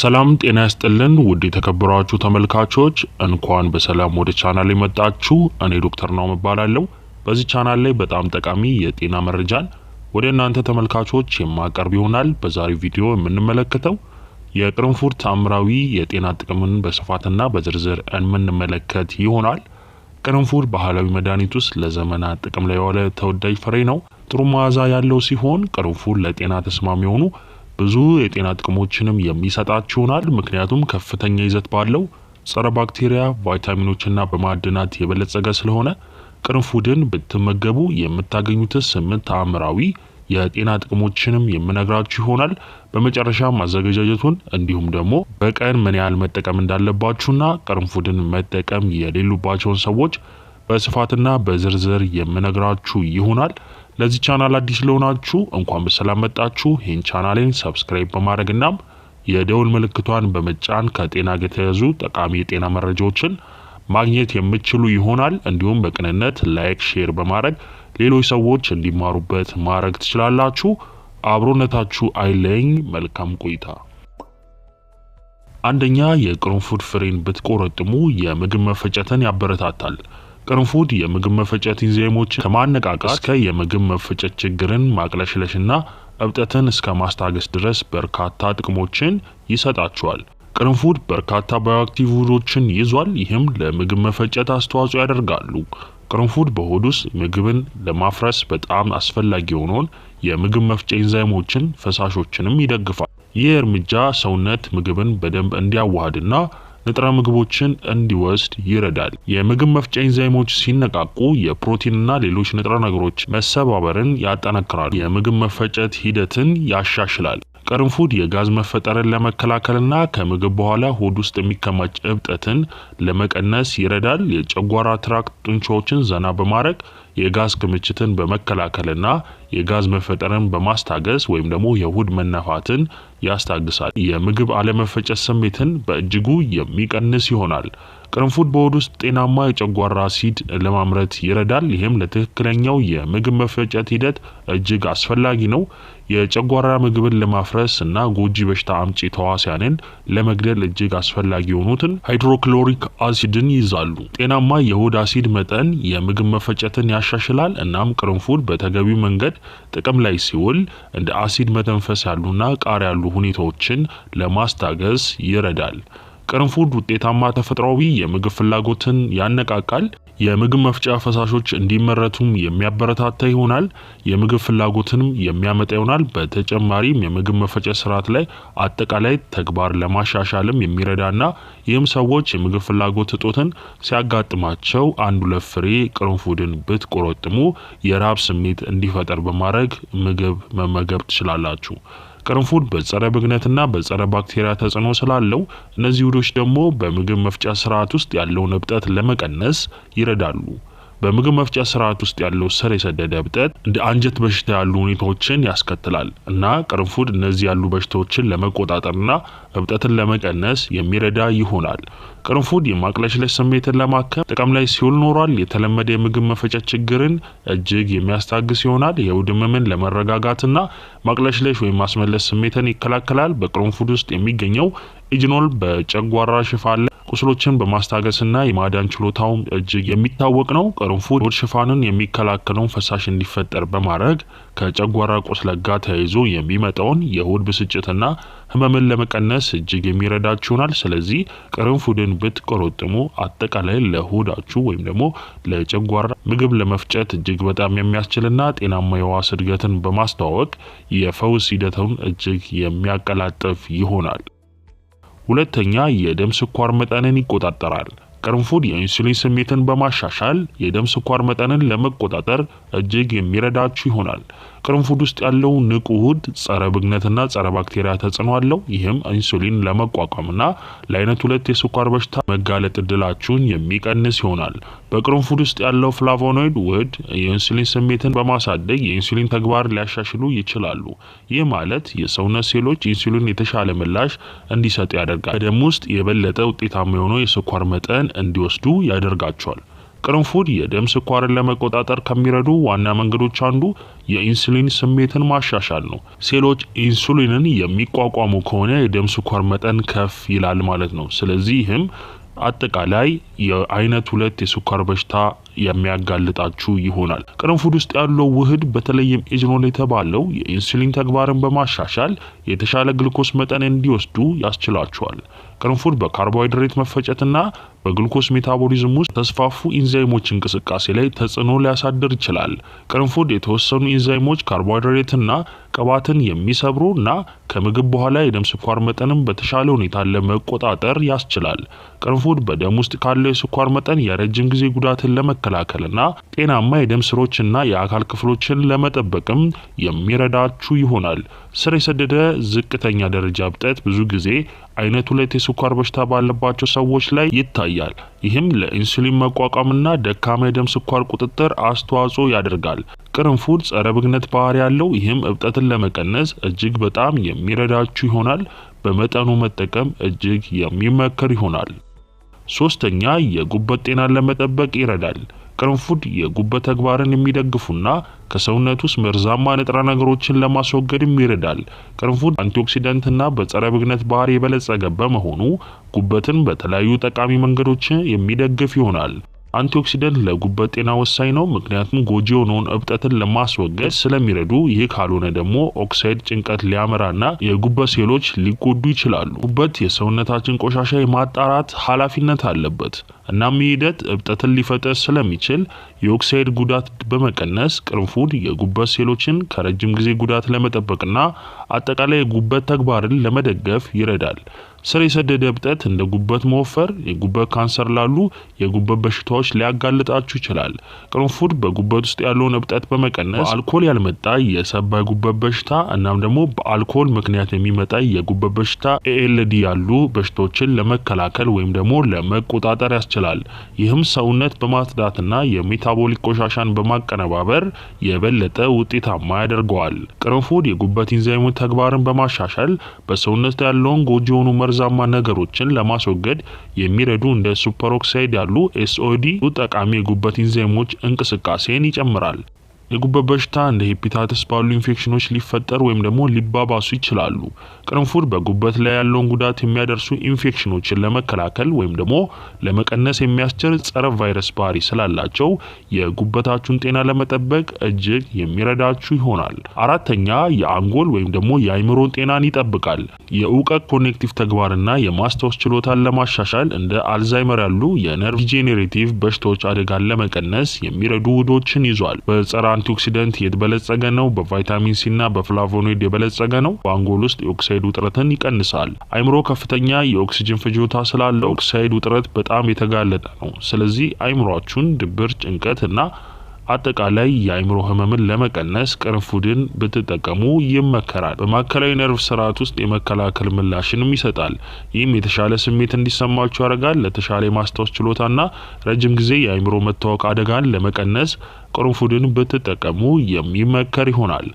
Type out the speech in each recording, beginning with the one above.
ሰላም ጤና ያስጥልን። ውድ የተከበሯችሁ ተመልካቾች እንኳን በሰላም ወደ ቻናል የመጣችሁ። እኔ ዶክተር ናው እባላለሁ። በዚህ ቻናል ላይ በጣም ጠቃሚ የጤና መረጃን ወደ እናንተ ተመልካቾች የማቀርብ ይሆናል። በዛሬው ቪዲዮ የምንመለከተው የቅርንፉድ አምራዊ የጤና ጥቅምን በስፋትና በዝርዝር የምንመለከት ይሆናል። ቅርንፉድ ባህላዊ መድኃኒት ውስጥ ለዘመናት ጥቅም ላይ የዋለ ተወዳጅ ፍሬ ነው። ጥሩ መዓዛ ያለው ሲሆን ቅርንፉድ ለጤና ተስማሚ የሆኑ ብዙ የጤና ጥቅሞችንም የሚሰጣች ይሆናል። ምክንያቱም ከፍተኛ ይዘት ባለው ጸረ ባክቴሪያ ቫይታሚኖችና በማዕድናት የበለጸገ ስለሆነ ቅርንፉድን ብትመገቡ የምታገኙት ስምንት ተአምራዊ የጤና ጥቅሞችንም የምነግራችሁ ይሆናል። በመጨረሻ አዘገጃጀቱን እንዲሁም ደግሞ በቀን ምን ያህል መጠቀም እንዳለባችሁና ቅርንፉድን መጠቀም የሌሉባቸውን ሰዎች በስፋትና በዝርዝር የምነግራችሁ ይሆናል። ለዚህ ቻናል አዲስ ለሆናችሁ እንኳን በሰላም መጣችሁ። ይህን ቻናሌን ሰብስክራይብ በማድረግ እናም የደውል ምልክቷን በመጫን ከጤና ጋር የተያዙ ጠቃሚ የጤና መረጃዎችን ማግኘት የምትችሉ ይሆናል። እንዲሁም በቅንነት ላይክ፣ ሼር በማድረግ ሌሎች ሰዎች እንዲማሩበት ማድረግ ትችላላችሁ። አብሮነታችሁ አይለኝ። መልካም ቆይታ። አንደኛ የቅርንፉድ ፍሬን ብትቆረጥሙ የምግብ መፈጨትን ያበረታታል። ቅርንፉድ የምግብ መፈጨት ኢንዛይሞችን ከማነቃቃት እስከ የምግብ መፈጨት ችግርን ማቅለሽለሽና እብጠትን እስከ ማስታገስ ድረስ በርካታ ጥቅሞችን ይሰጣቸዋል። ቅርንፉድ በርካታ ባዮአክቲቭ ውህዶችን ይዟል። ይህም ለምግብ መፈጨት አስተዋጽኦ ያደርጋሉ። ቅርንፉድ በሆድ ውስጥ ምግብን ለማፍረስ በጣም አስፈላጊ የሆነውን የምግብ መፍጨ ኢንዛይሞችን፣ ፈሳሾችንም ይደግፋል። ይህ እርምጃ ሰውነት ምግብን በደንብ እንዲያዋሃድና ንጥረ ምግቦችን እንዲወስድ ይረዳል። የምግብ መፍጫ ኤንዛይሞች ሲነቃቁ የፕሮቲንና ሌሎች ንጥረ ነገሮች መሰባበርን ያጠናክራሉ። የምግብ መፈጨት ሂደትን ያሻሽላል። ቅርንፉድ የጋዝ መፈጠርን ለመከላከልና ከምግብ በኋላ ሆድ ውስጥ የሚከማች እብጠትን ለመቀነስ ይረዳል። የጨጓራ ትራክት ጡንቻዎችን ዘና በማድረግ የጋዝ ክምችትን በመከላከልና የጋዝ መፈጠርን በማስታገስ ወይም ደግሞ የሆድ መነፋትን ያስታግሳል። የምግብ አለመፈጨት ስሜትን በእጅጉ የሚቀንስ ይሆናል። ቅርንፉድ በሆድ ውስጥ ጤናማ የጨጓራ አሲድ ለማምረት ይረዳል። ይህም ለትክክለኛው የምግብ መፈጨት ሂደት እጅግ አስፈላጊ ነው። የጨጓራ ምግብን ለማፍረስ እና ጎጂ በሽታ አምጪ ተዋሲያንን ለመግደል እጅግ አስፈላጊ የሆኑትን ሃይድሮክሎሪክ አሲድን ይይዛሉ። ጤናማ የሆድ አሲድ መጠን የምግብ መፈጨትን ያሻሽላል። እናም ቅርንፉድ በተገቢው መንገድ ጥቅም ላይ ሲውል እንደ አሲድ መተንፈስ ያሉና ቃር ያሉ ሁኔታዎችን ለማስታገስ ይረዳል። ቅርንፉድ ውጤታማ ተፈጥሯዊ የምግብ ፍላጎትን ያነቃቃል። የምግብ መፍጫ ፈሳሾች እንዲመረቱም የሚያበረታታ ይሆናል። የምግብ ፍላጎትንም የሚያመጣ ይሆናል። በተጨማሪም የምግብ መፈጨት ስርዓት ላይ አጠቃላይ ተግባር ለማሻሻልም የሚረዳና ይህም ሰዎች የምግብ ፍላጎት እጦትን ሲያጋጥማቸው አንዱ ለፍሬ ቅርንፉድን ብትቆረጥሙ የረሃብ ስሜት እንዲፈጠር በማድረግ ምግብ መመገብ ትችላላችሁ። ቅርንፉድ በጸረ ብግነትና በጸረ ባክቴሪያ ተጽዕኖ ስላለው እነዚህ ውህዶች ደግሞ በምግብ መፍጫ ስርዓት ውስጥ ያለውን እብጠት ለመቀነስ ይረዳሉ። በምግብ መፍጫ ስርዓት ውስጥ ያለው ስር የሰደደ እብጠት እንደ አንጀት በሽታ ያሉ ሁኔታዎችን ያስከትላል እና ቅርንፉድ እነዚህ ያሉ በሽታዎችን ለመቆጣጠርና እብጠትን ለመቀነስ የሚረዳ ይሆናል። ቅርንፉድ የማቅለሽለሽ ስሜትን ለማከም ጥቅም ላይ ሲውል ኖሯል። የተለመደ የምግብ መፈጨ ችግርን እጅግ የሚያስታግስ ይሆናል። የሆድ ህመምን ለመረጋጋትና ማቅለሽለሽ ወይም ማስመለስ ስሜትን ይከላከላል። በቅርንፉድ ውስጥ የሚገኘው ኢጅኖል በጨጓራ ሽፋን ቁስሎችን በማስታገስና የማዳን ችሎታውም እጅግ የሚታወቅ ነው። ቅርንፉድ ሆድ ሽፋንን የሚከላከለውን ፈሳሽ እንዲፈጠር በማድረግ ከጨጓራ ቁስለት ጋር ተያይዞ የሚመጣውን የሆድ ብስጭትና ህመምን ለመቀነስ እጅግ የሚረዳችሁ ይሆናል። ስለዚህ ቅርንፉድን ብትቆረጥሙ አጠቃላይ ለሆዳችሁ ወይም ደግሞ ለጨጓራ ምግብ ለመፍጨት እጅግ በጣም የሚያስችልና ጤናማ የዋስ እድገትን በማስተዋወቅ የፈውስ ሂደቱን እጅግ የሚያቀላጥፍ ይሆናል። ሁለተኛ የደም ስኳር መጠንን ይቆጣጠራል። ቅርንፉድ የኢንሱሊን ስሜትን በማሻሻል የደም ስኳር መጠንን ለመቆጣጠር እጅግ የሚረዳችሁ ይሆናል። ቅርንፉድ ውስጥ ያለው ንቁ ውህድ ጸረ ብግነትና ጸረ ባክቴሪያ ተጽዕኖ አለው። ይህም ኢንሱሊን ለመቋቋምና ለአይነት ሁለት የስኳር በሽታ መጋለጥ እድላችሁን የሚቀንስ ይሆናል። በቅርንፉድ ውስጥ ያለው ፍላቮኖይድ ውህድ የኢንሱሊን ስሜትን በማሳደግ የኢንሱሊን ተግባር ሊያሻሽሉ ይችላሉ። ይህ ማለት የሰውነት ሴሎች ኢንሱሊን የተሻለ ምላሽ እንዲሰጡ ያደርጋል። በደም ውስጥ የበለጠ ውጤታማ የሆነው የስኳር መጠን እንዲወስዱ ያደርጋቸዋል። ቅርንፉድ የደም ስኳርን ለመቆጣጠር ከሚረዱ ዋና መንገዶች አንዱ የኢንሱሊን ስሜትን ማሻሻል ነው። ሴሎች ኢንሱሊንን የሚቋቋሙ ከሆነ የደም ስኳር መጠን ከፍ ይላል ማለት ነው። ስለዚህ ይህም አጠቃላይ የአይነት ሁለት የስኳር በሽታ የሚያጋልጣችሁ ይሆናል። ቅርንፉድ ውስጥ ያለው ውህድ በተለይም ኤጅኖል የተባለው የኢንሱሊን ተግባርን በማሻሻል የተሻለ ግልኮስ መጠን እንዲወስዱ ያስችላቸዋል። ቅርንፉድ በካርቦሃይድሬት መፈጨትና በግሉኮስ ሜታቦሊዝም ውስጥ ተስፋፉ ኢንዛይሞች እንቅስቃሴ ላይ ተጽዕኖ ሊያሳድር ይችላል። ቅርንፉድ የተወሰኑ ኢንዛይሞች ካርቦሃይድሬትና ቅባትን የሚሰብሩ እና ከምግብ በኋላ የደም ስኳር መጠንም በተሻለ ሁኔታ ለመቆጣጠር ያስችላል። ቅርንፉድ በደም ውስጥ ካለው የስኳር መጠን የረጅም ጊዜ ጉዳትን ለመከ ለመከላከልና ጤናማ የደም ስሮችና የአካል ክፍሎችን ለመጠበቅም የሚረዳችሁ ይሆናል። ስር የሰደደ ዝቅተኛ ደረጃ እብጠት ብዙ ጊዜ አይነት ሁለት የስኳር በሽታ ባለባቸው ሰዎች ላይ ይታያል። ይህም ለኢንሱሊን መቋቋምና ደካማ የደም ስኳር ቁጥጥር አስተዋጽኦ ያደርጋል። ቅርንፉድ ጸረ ብግነት ባህሪ ያለው፣ ይህም እብጠትን ለመቀነስ እጅግ በጣም የሚረዳችሁ ይሆናል። በመጠኑ መጠቀም እጅግ የሚመከር ይሆናል። ሶስተኛ የጉበት ጤናን ለመጠበቅ ይረዳል። ቅርንፉድ የጉበት ተግባርን የሚደግፉና ከሰውነት ውስጥ መርዛማ ንጥረ ነገሮችን ለማስወገድም ይረዳል። ቅርንፉድ አንቲኦክሲደንትና በጸረ ብግነት ባህር የበለጸገ በመሆኑ ጉበትን በተለያዩ ጠቃሚ መንገዶች የሚደግፍ ይሆናል። አንቲኦክሲደንት ለጉበት ጤና ወሳኝ ነው፣ ምክንያቱም ጎጂ የሆነውን እብጠትን ለማስወገድ ስለሚረዱ። ይህ ካልሆነ ደግሞ ኦክሳይድ ጭንቀት ሊያመራና የጉበት ሴሎች ሊጎዱ ይችላሉ። ጉበት የሰውነታችን ቆሻሻ የማጣራት ኃላፊነት አለበት። እናም ይህ ሂደት እብጠትን ሊፈጥር ስለሚችል የኦክሳይድ ጉዳት በመቀነስ ቅርንፉድ የጉበት ሴሎችን ከረጅም ጊዜ ጉዳት ለመጠበቅና አጠቃላይ የጉበት ተግባርን ለመደገፍ ይረዳል። ስር የሰደደ እብጠት እንደ ጉበት መወፈር፣ የጉበት ካንሰር ላሉ የጉበት በሽታዎች ሊያጋልጣችሁ ይችላል። ቅርንፉድ በጉበት ውስጥ ያለውን እብጠት በመቀነስ በአልኮል ያልመጣ የሰባ የጉበት በሽታ እናም ደግሞ በአልኮል ምክንያት የሚመጣ የጉበት በሽታ ኤኤልዲ ያሉ በሽታዎችን ለመከላከል ወይም ደግሞ ለመቆጣጠር ያስችላል። ይህም ሰውነት በማጽዳትና የሜታቦሊክ ቆሻሻን በማቀነባበር የበለጠ ውጤታማ ያደርገዋል። ቅርንፉድ የጉበት ኢንዛይሙን ተግባርን በማሻሻል በሰውነት ያለውን ጎጂ የሆኑ መርዝ መርዛማ ነገሮችን ለማስወገድ የሚረዱ እንደ ሱፐሮክሳይድ ያሉ ኤስኦዲ ጠቃሚ የጉበት ኢንዛይሞች እንቅስቃሴን ይጨምራል። የጉበት በሽታ እንደ ሄፒታይተስ ባሉ ኢንፌክሽኖች ሊፈጠር ወይም ደግሞ ሊባባሱ ይችላሉ። ቅርንፉድ በጉበት ላይ ያለውን ጉዳት የሚያደርሱ ኢንፌክሽኖችን ለመከላከል ወይም ደግሞ ለመቀነስ የሚያስችል ጸረ ቫይረስ ባህሪ ስላላቸው የጉበታችሁን ጤና ለመጠበቅ እጅግ የሚረዳችሁ ይሆናል። አራተኛ የአንጎል ወይም ደግሞ የአይምሮን ጤናን ይጠብቃል። የእውቀት ኮኔክቲቭ ተግባርና የማስታወስ ችሎታን ለማሻሻል እንደ አልዛይመር ያሉ የነርቭ ዲጄኔሬቲቭ በሽታዎች አደጋን ለመቀነስ የሚረዱ ውህዶችን ይዟል። በጸራ በአንቲኦክሲደንት የተበለጸገ ነው። በቫይታሚን ሲ እና በፍላቮኖይድ የበለጸገ ነው። በአንጎል ውስጥ የኦክሳይድ ውጥረትን ይቀንሳል። አይምሮ ከፍተኛ የኦክሲጅን ፍጆታ ስላለው ኦክሳይድ ውጥረት በጣም የተጋለጠ ነው። ስለዚህ አይምሯችሁን ድብር፣ ጭንቀት እና አጠቃላይ የአእምሮ ህመምን ለመቀነስ ቅርንፉድን ብትጠቀሙ ይመከራል። በማዕከላዊ ነርቭ ስርዓት ውስጥ የመከላከል ምላሽንም ይሰጣል። ይህም የተሻለ ስሜት እንዲሰማችሁ ያደርጋል። ለተሻለ የማስታወስ ችሎታና ረጅም ጊዜ የአእምሮ መታወክ አደጋን ለመቀነስ ቅርንፉድን ብትጠቀሙ የሚመከር ይሆናል።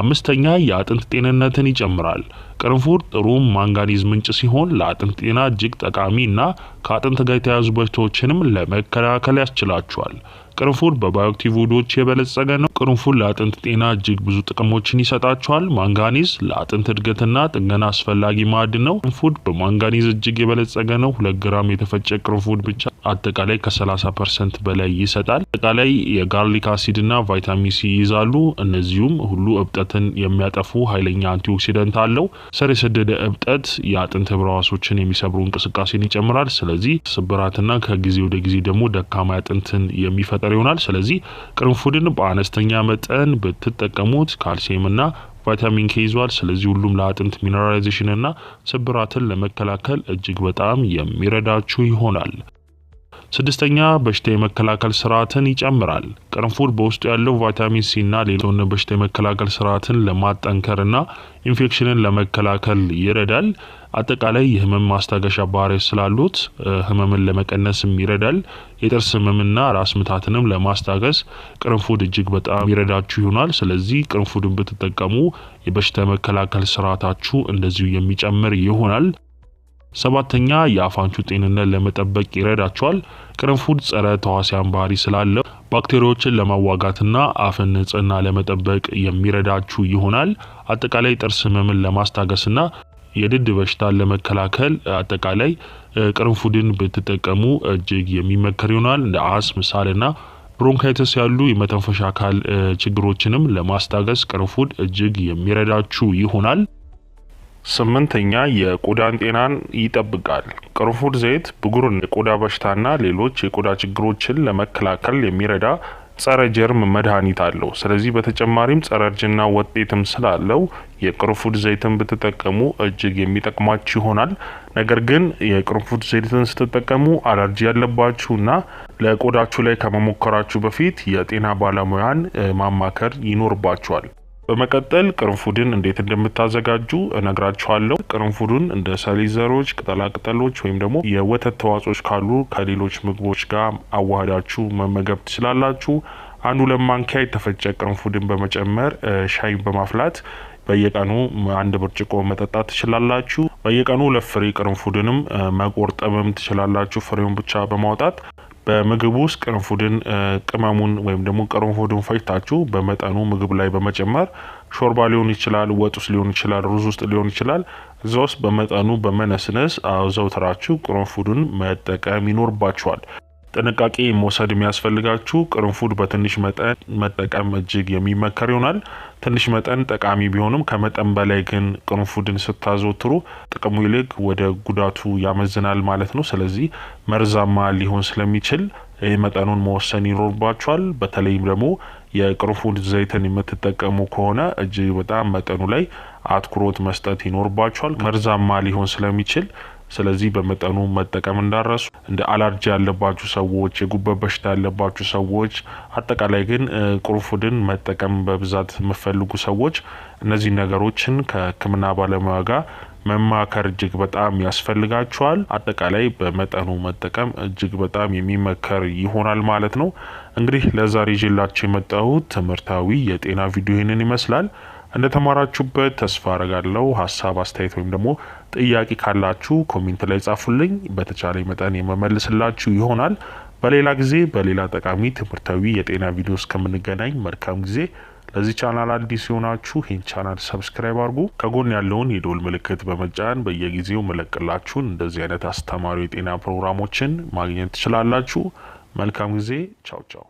አምስተኛ የአጥንት ጤንነትን ይጨምራል። ቅርንፉድ ጥሩ ማንጋኒዝ ምንጭ ሲሆን ለአጥንት ጤና እጅግ ጠቃሚ እና ከአጥንት ጋር የተያያዙ በሽታዎችንም ለመከላከል ያስችላቸዋል። ቅርንፉድ በባዮአክቲቭ ውዶች የበለጸገ ነው። ቅርንፉድ ለአጥንት ጤና እጅግ ብዙ ጥቅሞችን ይሰጣቸዋል። ማንጋኒዝ ለአጥንት እድገትና ጥገና አስፈላጊ ማዕድ ነው። ቅርንፉድ በማንጋኒዝ እጅግ የበለጸገ ነው። ሁለት ግራም የተፈጨ ቅርንፉድ ብቻ አጠቃላይ ከ30 ፐርሰንት በላይ ይሰጣል። አጠቃላይ የጋርሊክ አሲድና ቫይታሚን ሲ ይይዛሉ። እነዚሁም ሁሉ እብጠትን የሚያጠፉ ኃይለኛ አንቲኦክሲደንት አለው። ስር የሰደደ እብጠት የአጥንት ህብረዋሶችን የሚሰብሩ እንቅስቃሴን ይጨምራል። ስለዚህ ስብራትና ከጊዜ ወደ ጊዜ ደግሞ ደካማ አጥንትን የሚፈጠር ይሆናል። ስለዚህ ቅርንፉድን በአነስተኛ መጠን ብትጠቀሙት ካልሲየምና ቫይታሚን ኬ ይዟል። ስለዚህ ሁሉም ለአጥንት ሚነራላይዜሽንና ስብራትን ለመከላከል እጅግ በጣም የሚረዳችሁ ይሆናል። ስድስተኛ በሽታ የመከላከል ስርዓትን ይጨምራል። ቅርንፉድ በውስጡ ያለው ቫይታሚን ሲና ሌሎን በሽታ የመከላከል ስርዓትን ለማጠንከርና ኢንፌክሽንን ለመከላከል ይረዳል። አጠቃላይ የህመም ማስታገሻ ባህሪ ስላሉት ህመምን ለመቀነስም ይረዳል። የጥርስ ህመምና ራስ ምታትንም ለማስታገስ ቅርንፉድ እጅግ በጣም ይረዳችሁ ይሆናል። ስለዚህ ቅርንፉድን ብትጠቀሙ የበሽታ መከላከል ስርዓታችሁ እንደዚሁ የሚጨምር ይሆናል። ሰባተኛ የአፋንቹ ጤንነት ለመጠበቅ ይረዳቸዋል። ቅርንፉድ ጸረ ተዋሲያን ባህሪ ስላለው ባክቴሪያዎችን ለማዋጋትና አፍን ንጽህና ለመጠበቅ የሚረዳችሁ ይሆናል። አጠቃላይ ጥርስ ህመምን ለማስታገስና የድድ በሽታን ለመከላከል አጠቃላይ ቅርንፉድን ብትጠቀሙ እጅግ የሚመከር ይሆናል። እንደ አስም፣ ሳልና ብሮንካይተስ ያሉ የመተንፈሻ አካል ችግሮችንም ለማስታገስ ቅርንፉድ እጅግ የሚረዳችሁ ይሆናል። ስምንተኛ የቆዳን ጤናን ይጠብቃል። ቅርንፉድ ዘይት ብጉርን፣ የቆዳ በሽታና ሌሎች የቆዳ ችግሮችን ለመከላከል የሚረዳ ጸረ ጀርም መድኃኒት አለው። ስለዚህ በተጨማሪም ጸረ እርጅና ውጤትም ስላለው የቅርንፉድ ዘይትን ብትጠቀሙ እጅግ የሚጠቅማችሁ ይሆናል። ነገር ግን የቅርንፉድ ዘይትን ስትጠቀሙ አለርጂ ያለባችሁና ለቆዳችሁ ላይ ከመሞከራችሁ በፊት የጤና ባለሙያን ማማከር ይኖርባችኋል። በመቀጠል ቅርንፉድን እንዴት እንደምታዘጋጁ እነግራችኋለሁ። ቅርንፉዱን እንደ ሰሊጥ ዘሮች፣ ቅጠላቅጠሎች ወይም ደግሞ የወተት ተዋጽኦች ካሉ ከሌሎች ምግቦች ጋር አዋህዳችሁ መመገብ ትችላላችሁ። አንዱ ለማንኪያ የተፈጨ ቅርንፉድን በመጨመር ሻይን በማፍላት በየቀኑ አንድ ብርጭቆ መጠጣት ትችላላችሁ። በየቀኑ ለፍሬ ቅርንፉድንም መቆርጠምም ትችላላችሁ ፍሬውን ብቻ በማውጣት በምግብ ውስጥ ቅርንፉድን ቅመሙን ወይም ደግሞ ቅርንፉድን ፈጭታችሁ በመጠኑ ምግብ ላይ በመጨመር ሾርባ ሊሆን ይችላል፣ ወጥ ውስጥ ሊሆን ይችላል፣ ሩዝ ውስጥ ሊሆን ይችላል። እዛ ውስጥ በመጠኑ በመነስነስ አዘውትራችሁ ቅርንፉድን መጠቀም ይኖርባችኋል። ጥንቃቄ መውሰድ የሚያስፈልጋችሁ ቅርንፉድ በትንሽ መጠን መጠቀም እጅግ የሚመከር ይሆናል። ትንሽ መጠን ጠቃሚ ቢሆንም ከመጠን በላይ ግን ቅርንፉድን ስታዘወትሩ ጥቅሙ ይልቅ ወደ ጉዳቱ ያመዝናል ማለት ነው። ስለዚህ መርዛማ ሊሆን ስለሚችል ይህ መጠኑን መወሰን ይኖርባችኋል። በተለይም ደግሞ የቅርንፉድ ዘይትን የምትጠቀሙ ከሆነ እጅግ በጣም መጠኑ ላይ አትኩሮት መስጠት ይኖርባችኋል። መርዛማ ሊሆን ስለሚችል ስለዚህ በመጠኑ መጠቀም እንዳረሱ እንደ አላርጂ ያለባችሁ ሰዎች፣ የጉበት በሽታ ያለባችሁ ሰዎች፣ አጠቃላይ ግን ቁርፉድን መጠቀም በብዛት የምፈልጉ ሰዎች እነዚህ ነገሮችን ከሕክምና ባለሙያ ጋር መማከር እጅግ በጣም ያስፈልጋቸዋል። አጠቃላይ በመጠኑ መጠቀም እጅግ በጣም የሚመከር ይሆናል ማለት ነው። እንግዲህ ለዛሬ ይዤላችሁ የመጣሁት ትምህርታዊ የጤና ቪዲዮ ይህንን ይመስላል። እንደተማራችሁበት ተስፋ አረጋለሁ። ሀሳብ አስተያየት ወይም ደግሞ ጥያቄ ካላችሁ ኮሜንት ላይ ጻፉልኝ። በተቻለ መጠን የመመልስላችሁ ይሆናል። በሌላ ጊዜ በሌላ ጠቃሚ ትምህርታዊ የጤና ቪዲዮ እስከምንገናኝ መልካም ጊዜ። ለዚህ ቻናል አዲስ የሆናችሁ ይህን ቻናል ሰብስክራይብ አድርጉ። ከጎን ያለውን የደወል ምልክት በመጫን በየጊዜው መለቅላችሁን እንደዚህ አይነት አስተማሪ የጤና ፕሮግራሞችን ማግኘት ትችላላችሁ። መልካም ጊዜ። ቻው ቻው